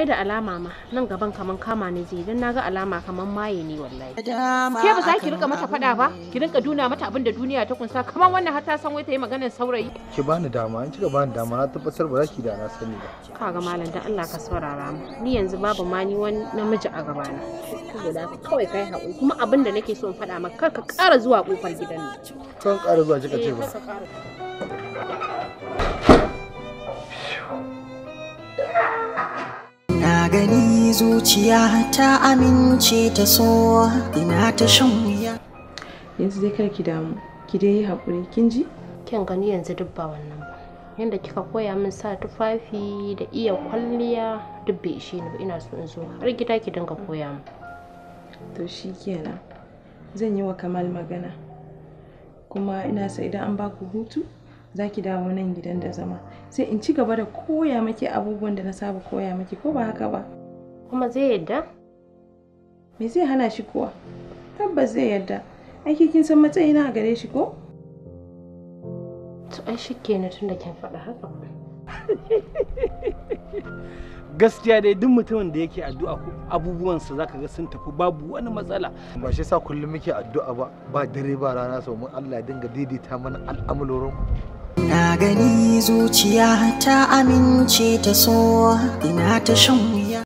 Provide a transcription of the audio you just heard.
ai da alama ma nan gaban kaman kama ne zai dan naga alama kaman maye ne wallahi ke ba za ki rika mata fada ba ki rinka duna mata abin da duniya ta kunsa kaman wannan har ta san wai ta yi maganar saurayi ki bani dama in kika bani dama na tabbatar ba za ki da na sani ba kaga malam dan Allah ka saurara mu ni yanzu babu ma ni wani namiji a gaba na kawai kai haƙuri kuma abin da nake so in fada maka kar ka kara zuwa kofar gidan nan kan ƙara zuwa jika ce ba eh, gani zuciya ta amince ta so ina ta shan wuya yanzu dai kar ki damu ki dai yi haƙuri kin ji Kin gani yanzu duk ba wannan ba yanda kika koya min sa tufafi da iya kwalliya duk bai ishe ni ba ina so in zo har gida ki dinga koya min to shi kenan zan yi wa kamal magana kuma ina sa idan an baku hutu za ki dawo nan gidan da zama sai in ci gaba da koya maki abubuwan da na saba koya maki ko ba haka ba kuma zai yadda me zai hana shi kuwa tabbas zai yadda aiki kin san matsayi na gare shi ko to ai shi tun tunda kin faɗa haka gaskiya dai duk mutumin da yake addu'a abubuwansa zaka ga sun tafi babu wani matsala ba shi sa kullum muke addu'a ba ba dare ba rana sau mun Allah ya dinga daidaita mana mu gani zuciya ta amince ta so ina ta shan